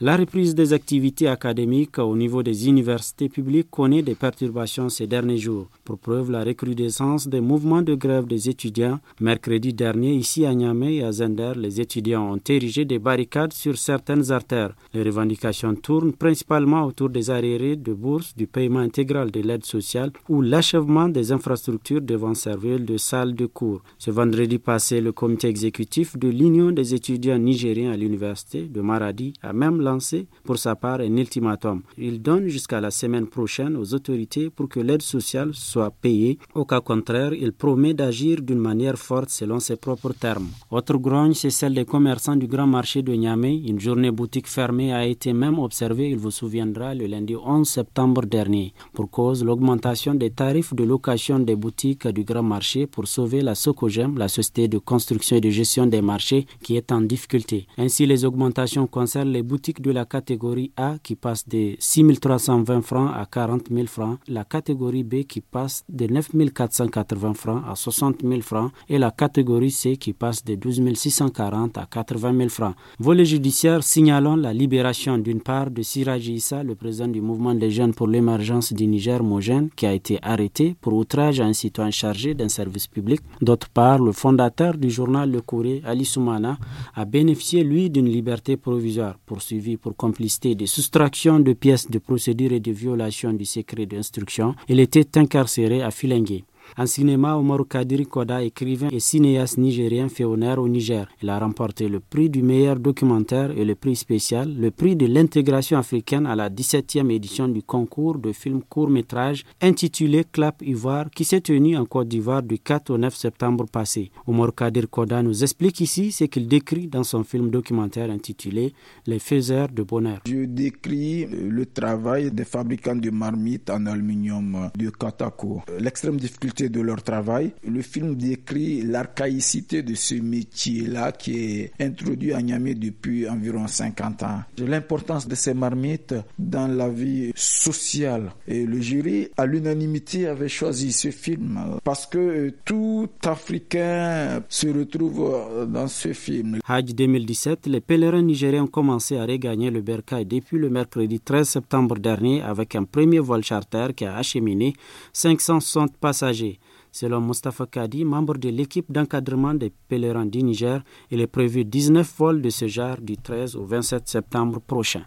La reprise des activités académiques au niveau des universités publiques connaît des perturbations ces derniers jours. Pour preuve, la recrudescence des mouvements de grève des étudiants. Mercredi dernier, ici à Niamey et à Zender, les étudiants ont érigé des barricades sur certaines artères. Les revendications tournent principalement autour des arriérés de bourses, du paiement intégral de l'aide sociale ou l'achèvement des infrastructures devant servir de salles de cours. Ce vendredi passé, le comité exécutif de l'Union des étudiants nigériens à l'université de Maradi a même pour sa part un ultimatum. Il donne jusqu'à la semaine prochaine aux autorités pour que l'aide sociale soit payée. Au cas contraire, il promet d'agir d'une manière forte selon ses propres termes. Autre grogne, c'est celle des commerçants du grand marché de Niamey. Une journée boutique fermée a été même observée, il vous souviendra, le lundi 11 septembre dernier, pour cause l'augmentation des tarifs de location des boutiques du grand marché pour sauver la Socogem, la société de construction et de gestion des marchés, qui est en difficulté. Ainsi, les augmentations concernent les boutiques de la catégorie A qui passe de 6 320 francs à 40 000 francs, la catégorie B qui passe de 9 480 francs à 60 000 francs et la catégorie C qui passe de 12 640 à 80 000 francs. Volet judiciaire signalant la libération d'une part de Siraj Issa, le président du mouvement des jeunes pour l'émergence du Niger Mogène, qui a été arrêté pour outrage à un citoyen chargé d'un service public. D'autre part, le fondateur du journal Le Courrier, Ali Soumana, a bénéficié lui d'une liberté provisoire poursuivie pour complicité de soustraction de pièces de procédure et de violation du secret d'instruction. Il était incarcéré à Filengue. En cinéma, Omar Kadir Koda, écrivain et cinéaste nigérien, fait honneur au Niger. Il a remporté le prix du meilleur documentaire et le prix spécial, le prix de l'intégration africaine à la 17e édition du concours de films court-métrage intitulé Clap Ivoire qui s'est tenu en Côte d'Ivoire du 4 au 9 septembre passé. Omar Kadir Koda nous explique ici ce qu'il décrit dans son film documentaire intitulé Les faiseurs de bonheur. Je décris le travail des fabricants de marmites en aluminium de Katako. L'extrême difficulté de leur travail. Le film décrit l'archaïcité de ce métier-là qui est introduit à Niamey depuis environ 50 ans. L'importance de ces marmites dans la vie sociale. Et le jury, à l'unanimité, avait choisi ce film parce que tout Africain se retrouve dans ce film. Hajj 2017, les pèlerins nigériens ont commencé à regagner le Bercail depuis le mercredi 13 septembre dernier avec un premier vol charter qui a acheminé 560 passagers Selon Mustafa Kadi, membre de l'équipe d'encadrement des pèlerins du Niger, il est prévu 19 vols de ce genre du 13 au 27 septembre prochain.